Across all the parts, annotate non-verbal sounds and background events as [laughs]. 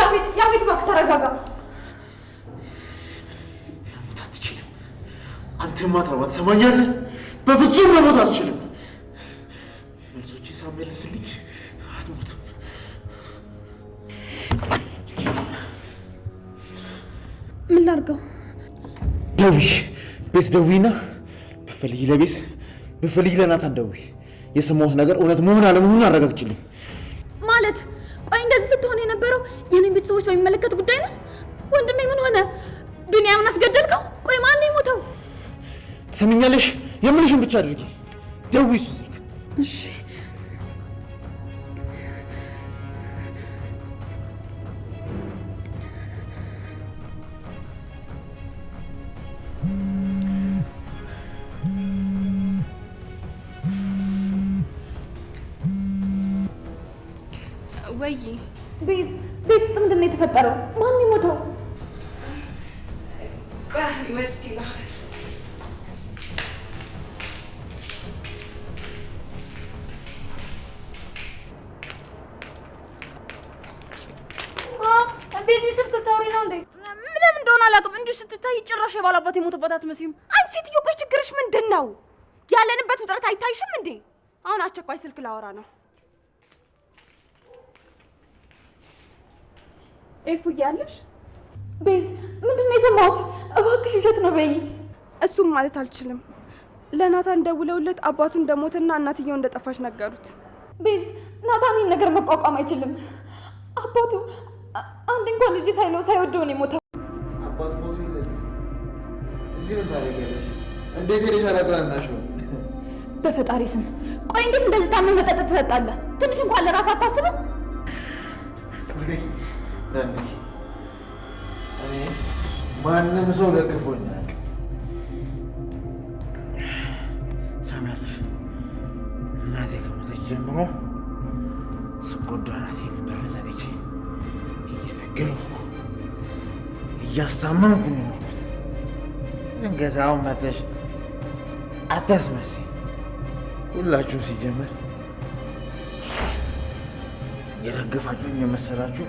ያፌት ያፌት፣ እባክህ ተረጋጋ። መሞት አትችልም። አንተማ ታርባ ትሰማኛለህ? በፍጹም መሞት አትችልም። መልሶቼ ሳመልስልኝ አትሞትም። ምን ላድርገው? ደዊ ቤት ደዊና ብፈልጊ ለቤት ብፈልጊ ለናታን ደዊ የሰማሁት ነገር እውነት መሆን አለመሆኑን አረጋግጭልኝ። በሚመለከት ጉዳይ ነው። ወንድሜ ምን ሆነ? ቢኒያምን አስገደልከው? ቆይ ማን ነው የሞተው? ትሰሚኛለሽ? የምልሽን ብቻ አድርጊ። ደውዪ እሱ ስልክ። እሺ ወይ ቤዝ ቤት ውስጥ ምንድን ነው የተፈጠረው? ማን የሞተው? ቤዚህ ስትታወሪ ነው እንዴ? ምንም እንደሆነ አላውቅም። እንዲሁ ስትታይ ጭራሽ የባላባት የሞተባት አትመስይም። አንቺ ሴትዮ ቆይ ችግርሽ ምንድን ነው? ያለንበት ውጥረት አይታይሽም እንዴ? አሁን አስቸኳይ ስልክ ላወራ ነው ኤፉ እያለሽ ቤዝ ምንድን ነው የሰማሁት? እባክሽ ውሸት ነው በይኝ። እሱም ማለት አልችልም። ለናታን ደውለውለት አባቱ እንደሞትና እናትየው እንደጠፋች ነገሩት። ቤዝ ናታን ይህን ነገር መቋቋም አይችልም። አባቱ አንድ እንኳን ልጅ ሳይለው ሳይወደው ነው የሞተው። አባቱ ሞቱ እዚህ ምን ታደርጊያለሽ? እንዴት ሄደሽ አላጽናናሽ በፈጣሪ ስም ቆይ፣ እንዴት እንደዚህ ታምን መጠጥ ትሰጣለህ? ትንሽ እንኳን ለራስ አታስብም? ለምሽ እኔ ማንም ሰው ደግፎኛል። ሰሚያለሽ እናቴ ከሞተች ጀምሮ ስጎዳ እናቴ ነበር ዘግቼ እየደገፍኩ እያስታመምኩ የሚኖርኩት። ድንገት አሁን መተሽ አታስመስይ። ሁላችሁም ሲጀመር የደገፋችሁኝ የመሰላችሁ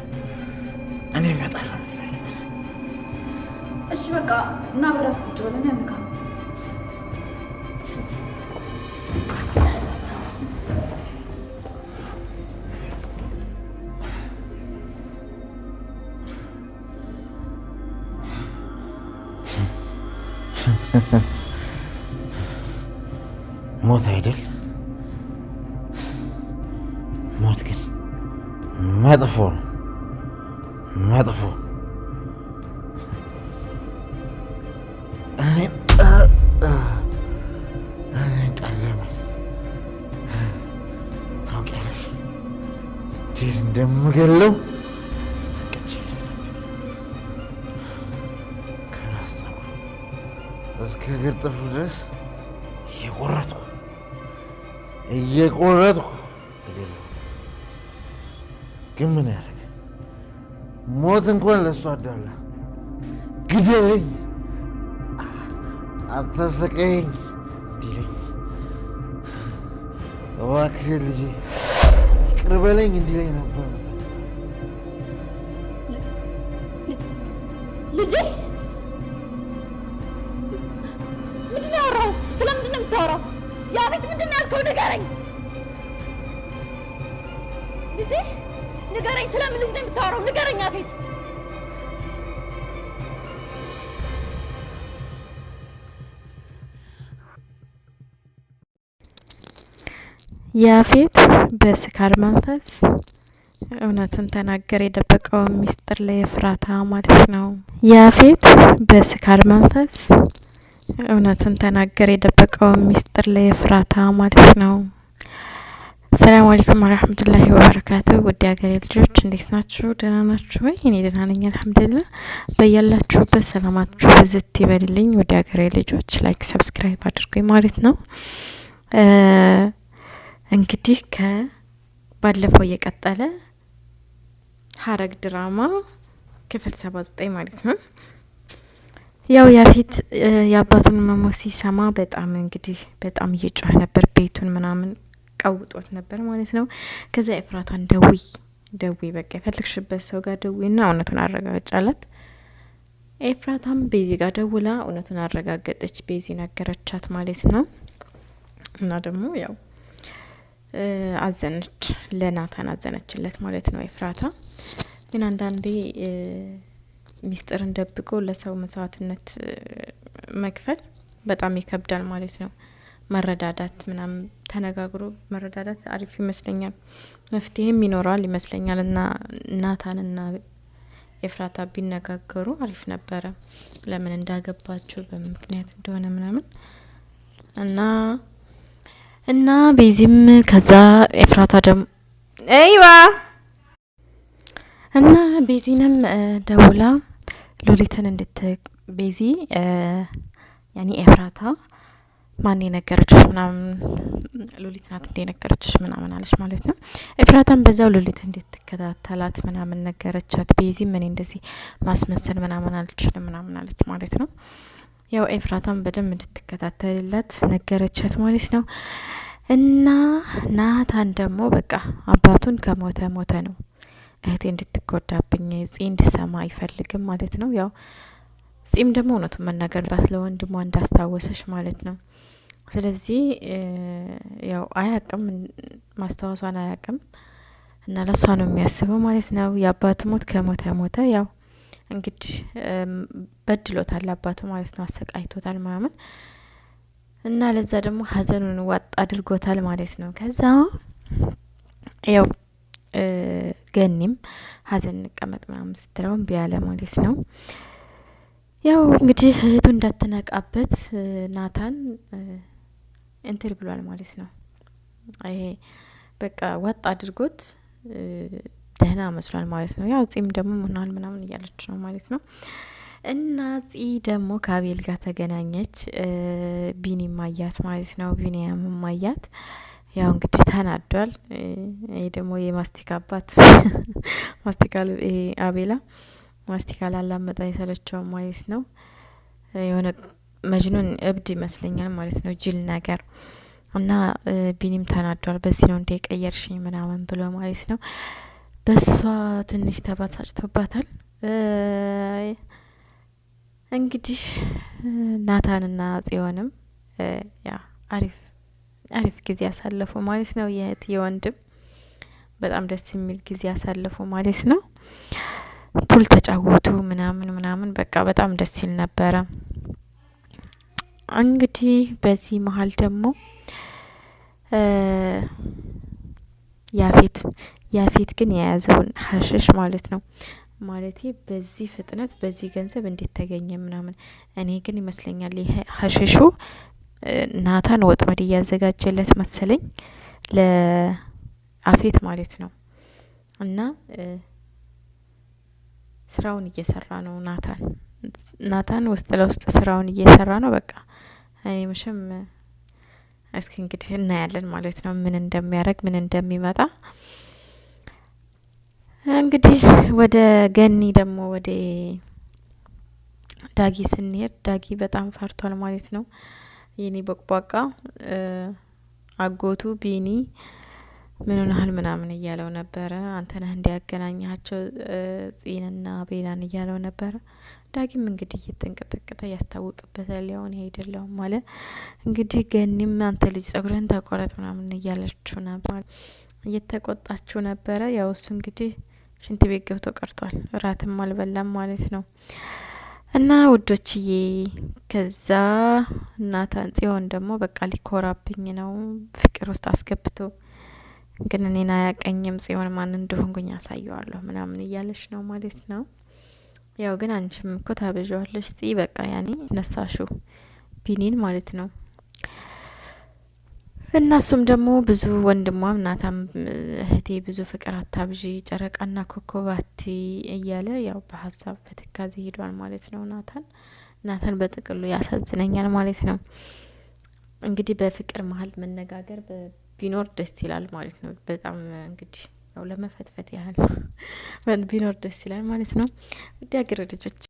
እኔ እመጣለሁ። እሺ በቃ እና በራስ ቁጭ ብለን ያንካ ሞት አይደል? ሞት ግን መጥፎ ነው። መጥፎ ታውቂያለሽ እንዴት እንደምገለው እስከ እግር ድረስ እየቆረጥኩ እየቆረጥኩ ግን ምን ያደርግ ሞት እንኳን ለእሱ አዳለ ግደለኝ፣ አታሰቀኝ እንዲለኝ እባክህ ልጄ ይቅር በለኝ እንዲለኝ ነበር። ልጄ ምንድን ነው ያወራኸው? ስለምንድን ነው የምታወራው? ያ ቤት ምንድን ነው ያልከው? ንገረኝ ልጄ ንገረኝ፣ ስለምን ልጅ ነው የምታወራው? ንገረኝ አፌት። ያፌት በስካር መንፈስ እውነቱን ተናገረ፣ የደበቀውን ሚስጥር ለኤፍራታ ማለት ነው። ያፌት በስካር መንፈስ እውነቱን ተናገረ፣ የደበቀውን ሚስጥር ለኤፍራታ ማለት ነው። ሰላም አለይኩም ወራህመቱላሂ ወበረካቱ። ውድ ሀገሬ ልጆች እንዴት ናችሁ? ደህና ናችሁ ወይ? እኔ ደህና ነኝ አልሐምዱሊላህ። በያላችሁበት ሰላማችሁ ብዝት ይበልልኝ። ውድ ሀገሬ ልጆች ላይክ፣ ሰብስክራይብ አድርጉኝ ማለት ነው። እንግዲህ ከባለፈው እየቀጠለ ሀረግ ድራማ ክፍል ሰባ ዘጠኝ ማለት ነው። ያው ያፌት የአባቱን መሞት ሲሰማ በጣም እንግዲህ በጣም እየጮኸ ነበር ቤቱን ምናምን ቀውጦት ነበር ማለት ነው። ከዛ ኤፍራታን ደዊ ደዊ በቃ የፈልግሽበት ሰው ጋር ደዊ ና እውነቱን አረጋግጫላት። ኤፍራታም ቤዚ ጋር ደውላ እውነቱን አረጋገጠች። ቤዚ ነገረቻት ማለት ነው። እና ደግሞ ያው አዘነች፣ ለናታን አዘነችለት ማለት ነው። ኤፍራታ ግን አንዳንዴ ሚስጥርን ደብቆ ለሰው መስዋዕትነት መክፈል በጣም ይከብዳል ማለት ነው። መረዳዳት ምናምን ተነጋግሮ መረዳዳት አሪፍ ይመስለኛል። መፍትሄም ይኖረዋል ይመስለኛል እና ናታንና ኤፍራታ ቢነጋገሩ አሪፍ ነበረ። ለምን እንዳገባቸው በምን ምክንያት እንደሆነ ምናምን እና እና ቤዚም ከዛ ኤፍራታ ደሞ ይዋ እና ቤዚንም ደውላ ሎሊትን እንድት ቤዚ ያኔ ኤፍራታ ማን የነገረችሽ ምናምን ሉሊት ናት እንዴ የነገረችሽ ምናምን አለች ማለት ነው። ኤፍራታም በዛው ሉሊት እንዴት ትከታተላት ምናምን ነገረቻት። ቤዚም እኔ እንደዚህ ማስመሰል ምናምን አልችልም ምናምን አለች ማለት ነው። ያው ኤፍራታም በደንብ እንድትከታተልላት ነገረቻት ማለት ነው። እና ናታን ደግሞ በቃ አባቱን ከሞተ ሞተ ነው። እህቴ እንድትጎዳብኝ ጽ እንድሰማ አይፈልግም ማለት ነው። ያው ጺም ደግሞ እውነቱን መናገር ባት ለወንድሟ እንዳስታወሰች ማለት ነው። ስለዚህ ያው አያቅም ማስታወሷን አያቅም እና ለእሷ ነው የሚያስበው ማለት ነው። የአባቱ ሞት ከሞተ ሞተ። ያው እንግዲህ በድሎታል አባቱ ማለት ነው። አሰቃይቶታል ምናምን እና ለዛ ደግሞ ሀዘኑን ዋጥ አድርጎታል ማለት ነው። ከዛ ያው ገኒም ሀዘን እንቀመጥ ምናምን ስትለው እምቢ አለ ማለት ነው። ያው እንግዲህ እህቱ እንዳትነቃበት ናታን እንትል ብሏል ማለት ነው። ይሄ በቃ ወጥ አድርጎት ደህና መስሏል ማለት ነው። ያው ጺም ደግሞ ምናል ምናምን እያለች ነው ማለት ነው። እና ጺ ደግሞ ከአቤል ጋር ተገናኘች። ቢኒ ማያት ማለት ነው። ቢኒያም ማያት ያው እንግዲህ ተናዷል። ይሄ ደግሞ የማስቲካ አባት [laughs] ማስቲካ አቤላ ማስቲካ ላላመጣ የሰለቸው ማለት ነው የሆነ መጅኑን እብድ ይመስለኛል ማለት ነው፣ ጅል ነገር እና ቢኒም ተናዷል። በዚህ ነው እንደ ቀየርሽኝ ምናምን ብሎ ማለት ነው። በሷ ትንሽ ተባሳጭቶባታል። እንግዲህ ናታንና ጽዮንም ያ አሪፍ አሪፍ ጊዜ ያሳለፉ ማለት ነው። የእህትዬ የወንድም በጣም ደስ የሚል ጊዜ ያሳለፉ ማለት ነው። ፑል ተጫወቱ ምናምን ምናምን በቃ በጣም ደስ ይል ነበረ። እንግዲህ በዚህ መሀል ደግሞ ያፌት ያፌት ግን የያዘውን ሀሽሽ ማለት ነው ማለት በዚህ ፍጥነት በዚህ ገንዘብ እንዴት ተገኘ ምናምን። እኔ ግን ይመስለኛል ይህ ሀሽሹ ናታን ወጥመድ እያዘጋጀለት መሰለኝ ለአፌት ማለት ነው። እና ስራውን እየሰራ ነው ናታን ናታን ውስጥ ለውስጥ ስራውን እየሰራ ነው በቃ እኔ እስኪ እንግዲህ እናያለን ማለት ነው ምን እንደሚያደርግ ምን እንደሚመጣ እንግዲህ ወደ ገኒ ደግሞ ወደ ዳጊ ስንሄድ ዳጊ በጣም ፈርቷል ማለት ነው። የኔ ቦቅቧቃ አጎቱ ቢኒ ምን ሆናል ምናምን እያለው ነበረ። አንተነህ እንዲያገናኛቸው ጽንና ቤላን እያለው ነበረ። ዳግም እንግዲህ እየተንቀጠቀጠ ያስታውቅበታል። ያውን አይደለውም አለ እንግዲህ ገኒም አንተ ልጅ ጸጉረን ተቆረጥ ምናምን እያለችው ነበር፣ እየተቆጣችው ነበረ። ያው እሱ እንግዲህ ሽንት ቤት ገብቶ ቀርቷል። እራትም አልበላም ማለት ነው። እና ውዶችዬ ከዛ እናታን ጽዮን ደግሞ በቃ ሊኮራብኝ ነው ፍቅር ውስጥ አስገብቶ ግን እኔን አያቀኝም ጽዮን ማን እንደሆንኩኝ ያሳየዋለሁ ምናምን እያለች ነው ማለት ነው። ያው ግን አንቺም እኮ ታበዣዋለች ጽ በቃ ያኔ ነሳሹ ቢኒን ማለት ነው። እናሱም ደግሞ ብዙ ወንድሟም ናታም እህቴ ብዙ ፍቅር አታብዢ ጨረቃና ኮኮባቲ እያለ ያው በሀሳብ በትካዜ ሄዷል ማለት ነው። ናታን ናታን በጥቅሉ ያሳዝነኛል ማለት ነው። እንግዲህ በፍቅር መሀል መነጋገር ቢኖር ደስ ይላል ማለት ነው። በጣም እንግዲህ ያው ለመፈትፈት ያህል ቢኖር ደስ ይላል ማለት ነው። ውድ ሀገር ልጆች